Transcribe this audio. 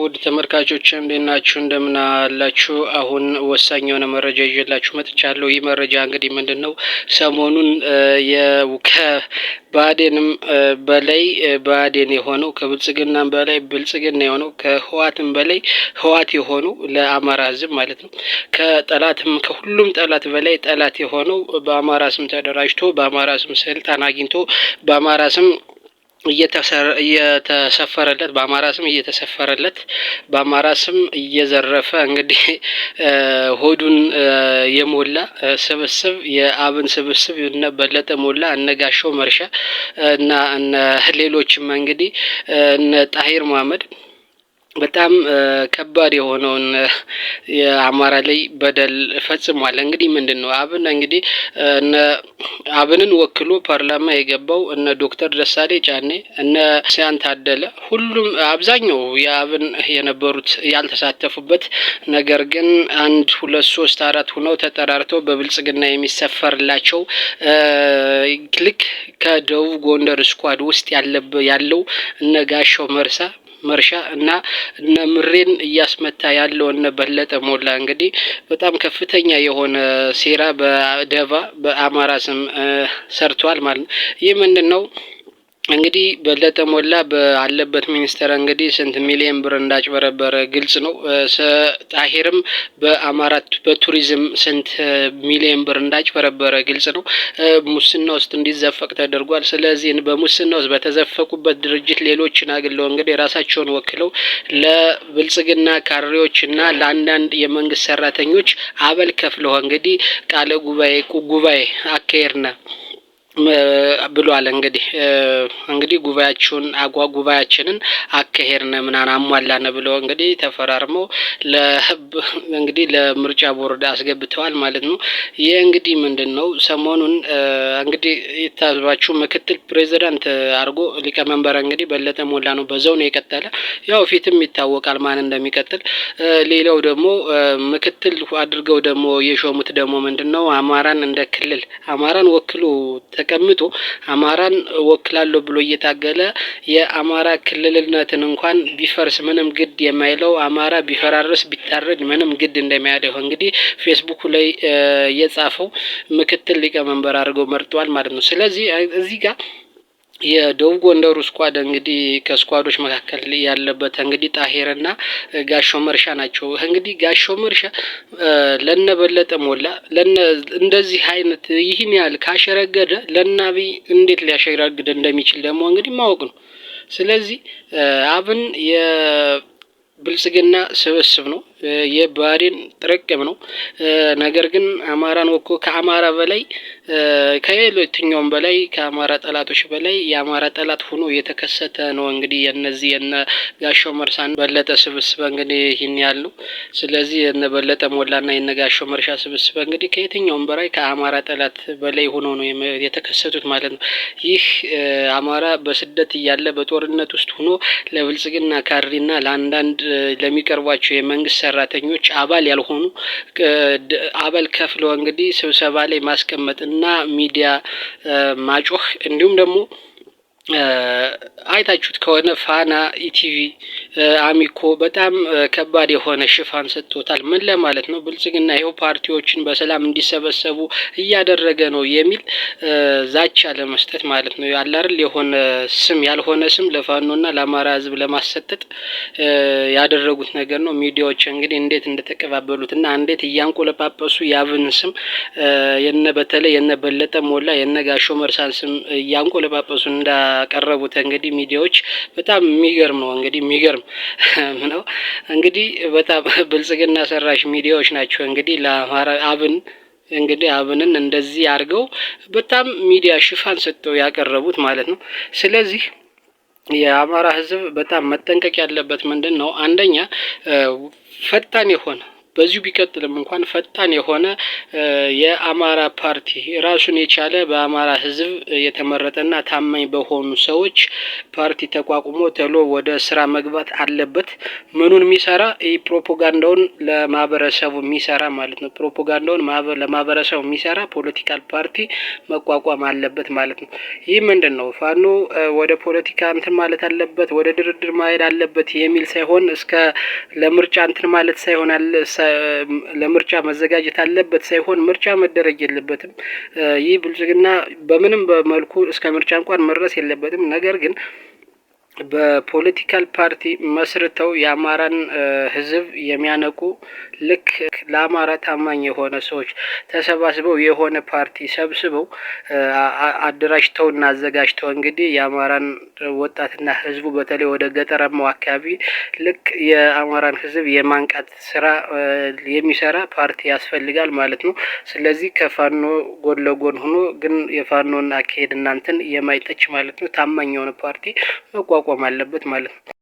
ውድ ተመልካቾች እንዴት ናችሁ? እንደምን አላችሁ? አሁን ወሳኝ የሆነ መረጃ ይዤላችሁ መጥቻለሁ። ይህ መረጃ እንግዲህ ምንድን ነው? ሰሞኑን ከባዴንም በላይ ባዴን የሆነው ከብልጽግናም በላይ ብልጽግና የሆነው ከህዋትም በላይ ህዋት የሆኑ ለአማራ ህዝብ ማለት ነው ከጠላትም ከሁሉም ጠላት በላይ ጠላት የሆነው በአማራ ስም ተደራጅቶ በአማራ ስም ስልጣን አግኝቶ በአማራ ስም እየተሰፈረለት በአማራ ስም እየተሰፈረለት በአማራ ስም እየዘረፈ እንግዲህ ሆዱን የሞላ ስብስብ የአብን ስብስብ እነ በለጠ ሞላ እነ ጋሻው መርሻ እና ሌሎችም እንግዲህ እነ ጣሂር መሀመድ በጣም ከባድ የሆነውን የአማራ ላይ በደል ፈጽሟል። እንግዲህ ምንድን ነው አብን እንግዲህ እነ አብንን ወክሎ ፓርላማ የገባው እነ ዶክተር ደሳሌ ጫኔ እነ ሲያን ታደለ ሁሉም አብዛኛው የአብን የነበሩት ያልተሳተፉበት ነገር ግን አንድ ሁለት ሶስት አራት ሁነው ተጠራርተው በብልጽግና የሚሰፈርላቸው ልክ ከደቡብ ጎንደር ስኳድ ውስጥ ያለው እነ ጋሻው መርሳ መርሻ እና እነ ምሬን እያስመታ ያለው እነ በለጠ ሞላ እንግዲህ በጣም ከፍተኛ የሆነ ሴራ በደባ በአማራ ስም ሰርቷል ማለት ነው። ይህ ምንድን ነው? እንግዲህ በለጠ ሞላ ባለበት ሚኒስቴር እንግዲህ ስንት ሚሊዮን ብር እንዳጭበረበረ ግልጽ ነው። ጣሄርም በአማራ በቱሪዝም ስንት ሚሊዮን ብር እንዳጭበረበረ ግልጽ ነው። ሙስና ውስጥ እንዲዘፈቅ ተደርጓል። ስለዚህ በሙስና ውስጥ በተዘፈቁበት ድርጅት ሌሎችን አግለው እንግዲህ ራሳቸውን ወክለው ለብልጽግና ካድሬዎችና ለአንዳንድ የመንግስት ሰራተኞች አበል ከፍለው እንግዲህ ቃለ ጉባኤ ጉባኤ አካሄድና ብሏል። እንግዲህ እንግዲህ ጉባኤያችሁን አጓ ጉባኤያችንን አካሄድነ ምናን አሟላነ ብሎ እንግዲህ ተፈራርመው እንግዲህ ለምርጫ ቦርድ አስገብተዋል ማለት ነው። ይህ እንግዲህ ምንድን ነው ሰሞኑን እንግዲህ የታዝባችሁ ምክትል ፕሬዚዳንት አድርጎ ሊቀመንበር እንግዲህ በለጠ ሞላ ነው። በዛው ነው የቀጠለ። ያው ፊትም ይታወቃል ማን እንደሚቀጥል። ሌላው ደግሞ ምክትል አድርገው ደግሞ የሾሙት ደግሞ ምንድን ነው አማራን እንደ ክልል አማራን ወክሎ ተቀምጦ አማራን ወክላለሁ ብሎ እየታገለ የአማራ ክልልነትን እንኳን ቢፈርስ ምንም ግድ የማይለው አማራ ቢፈራርስ ቢታረድ ምንም ግድ እንደሚያደው እንግዲህ ፌስቡኩ ላይ የጻፈው ምክትል ሊቀመንበር አድርገው መርጠዋል ማለት ነው። ስለዚህ እዚህ ጋር የደቡብ ጎንደሩ ስኳድ እንግዲህ ከስኳዶች መካከል ያለበት እንግዲህ ጣሄርና ጋሾ መርሻ ናቸው። እንግዲህ ጋሾ መርሻ ለነ በለጠ ሞላ ለነ እንደዚህ አይነት ይህን ያህል ካሸረገደ ለናቢ እንዴት ሊያሸረግድ እንደሚችል ደግሞ እንግዲህ ማወቅ ነው። ስለዚህ አብን የብልጽግና ስብስብ ነው። የብአዴን ጥርቅም ነው። ነገር ግን አማራን ወኮ ከአማራ በላይ ከየትኛውም በላይ ከአማራ ጠላቶች በላይ የአማራ ጠላት ሆኖ የተከሰተ ነው። እንግዲህ የነዚህ የነ ጋሻው መርሳን በለጠ ስብስበ እንግዲህ ይህን ያሉ ስለዚህ የነ በለጠ ሞላና የነ ጋሻው መርሻ ስብስበ እንግዲህ ከየትኛውም በላይ ከአማራ ጠላት በላይ ሆኖ ነው የተከሰቱት ማለት ነው። ይህ አማራ በስደት እያለ በጦርነት ውስጥ ሆኖ ለብልጽግና ካድሬና ለአንዳንድ ለሚቀርቧቸው የመንግስት ሰራተኞች አባል ያልሆኑ አበል ከፍለው እንግዲህ ስብሰባ ላይ ማስቀመጥና ሚዲያ ማጮህ እንዲሁም ደግሞ አይታችሁት ከሆነ ፋና ኢቲቪ አሚኮ በጣም ከባድ የሆነ ሽፋን ሰጥቶታል። ምን ለማለት ነው? ብልጽግና ይኸው ፓርቲዎችን በሰላም እንዲሰበሰቡ እያደረገ ነው የሚል ዛቻ ለመስጠት ማለት ነው። ያላርል የሆነ ስም ያልሆነ ስም ለፋኖና ለአማራ ሕዝብ ለማሰጠጥ ያደረጉት ነገር ነው። ሚዲያዎች እንግዲህ እንዴት እንደተቀባበሉት እና እንዴት እያንቆለጳጳሱ ያብን ስም የነ በተለይ የነ በለጠ ሞላ የነ ጋሾ መርሳን ስም እያንቆለጳጳሱ እንዳ ያቀረቡት እንግዲህ ሚዲያዎች በጣም የሚገርም ነው። እንግዲህ የሚገርም ነው። እንግዲህ በጣም ብልጽግና ሰራሽ ሚዲያዎች ናቸው። እንግዲህ ለአማራ አብን እንግዲህ አብንን እንደዚህ አድርገው በጣም ሚዲያ ሽፋን ሰጥተው ያቀረቡት ማለት ነው። ስለዚህ የአማራ ሕዝብ በጣም መጠንቀቅ ያለበት ምንድን ነው? አንደኛ ፈጣን የሆነ በዚሁ ቢቀጥልም እንኳን ፈጣን የሆነ የአማራ ፓርቲ ራሱን የቻለ በአማራ ህዝብ የተመረጠና ታማኝ በሆኑ ሰዎች ፓርቲ ተቋቁሞ ተሎ ወደ ስራ መግባት አለበት። ምኑን የሚሰራ ይህ ፕሮፓጋንዳውን ለማህበረሰቡ የሚሰራ ማለት ነው። ፕሮፓጋንዳውን ለማህበረሰቡ የሚሰራ ፖለቲካል ፓርቲ መቋቋም አለበት ማለት ነው። ይህ ምንድን ነው? ፋኖ ወደ ፖለቲካ እንትን ማለት አለበት፣ ወደ ድርድር ማሄድ አለበት የሚል ሳይሆን እስከ ለምርጫ እንትን ማለት ሳይሆን አለ ለምርጫ መዘጋጀት አለበት ሳይሆን ምርጫ መደረግ የለበትም። ይህ ብልጽግና በምንም በመልኩ እስከ ምርጫ እንኳን መድረስ የለበትም። ነገር ግን በፖለቲካል ፓርቲ መስርተው የአማራን ህዝብ የሚያነቁ ልክ ለአማራ ታማኝ የሆነ ሰዎች ተሰባስበው የሆነ ፓርቲ ሰብስበው አደራጅተው እና አዘጋጅተው እንግዲህ የአማራን ወጣትና ህዝቡ በተለይ ወደ ገጠራማው አካባቢ ልክ የአማራን ህዝብ የማንቃት ስራ የሚሰራ ፓርቲ ያስፈልጋል ማለት ነው። ስለዚህ ከፋኖ ጎን ለጎን ሆኖ ግን የፋኖን አካሄድ እናንተን የማይጠች ማለት ነው ታማኝ የሆነ ፓርቲ መቋቋ መቆም አለበት ማለት ነው።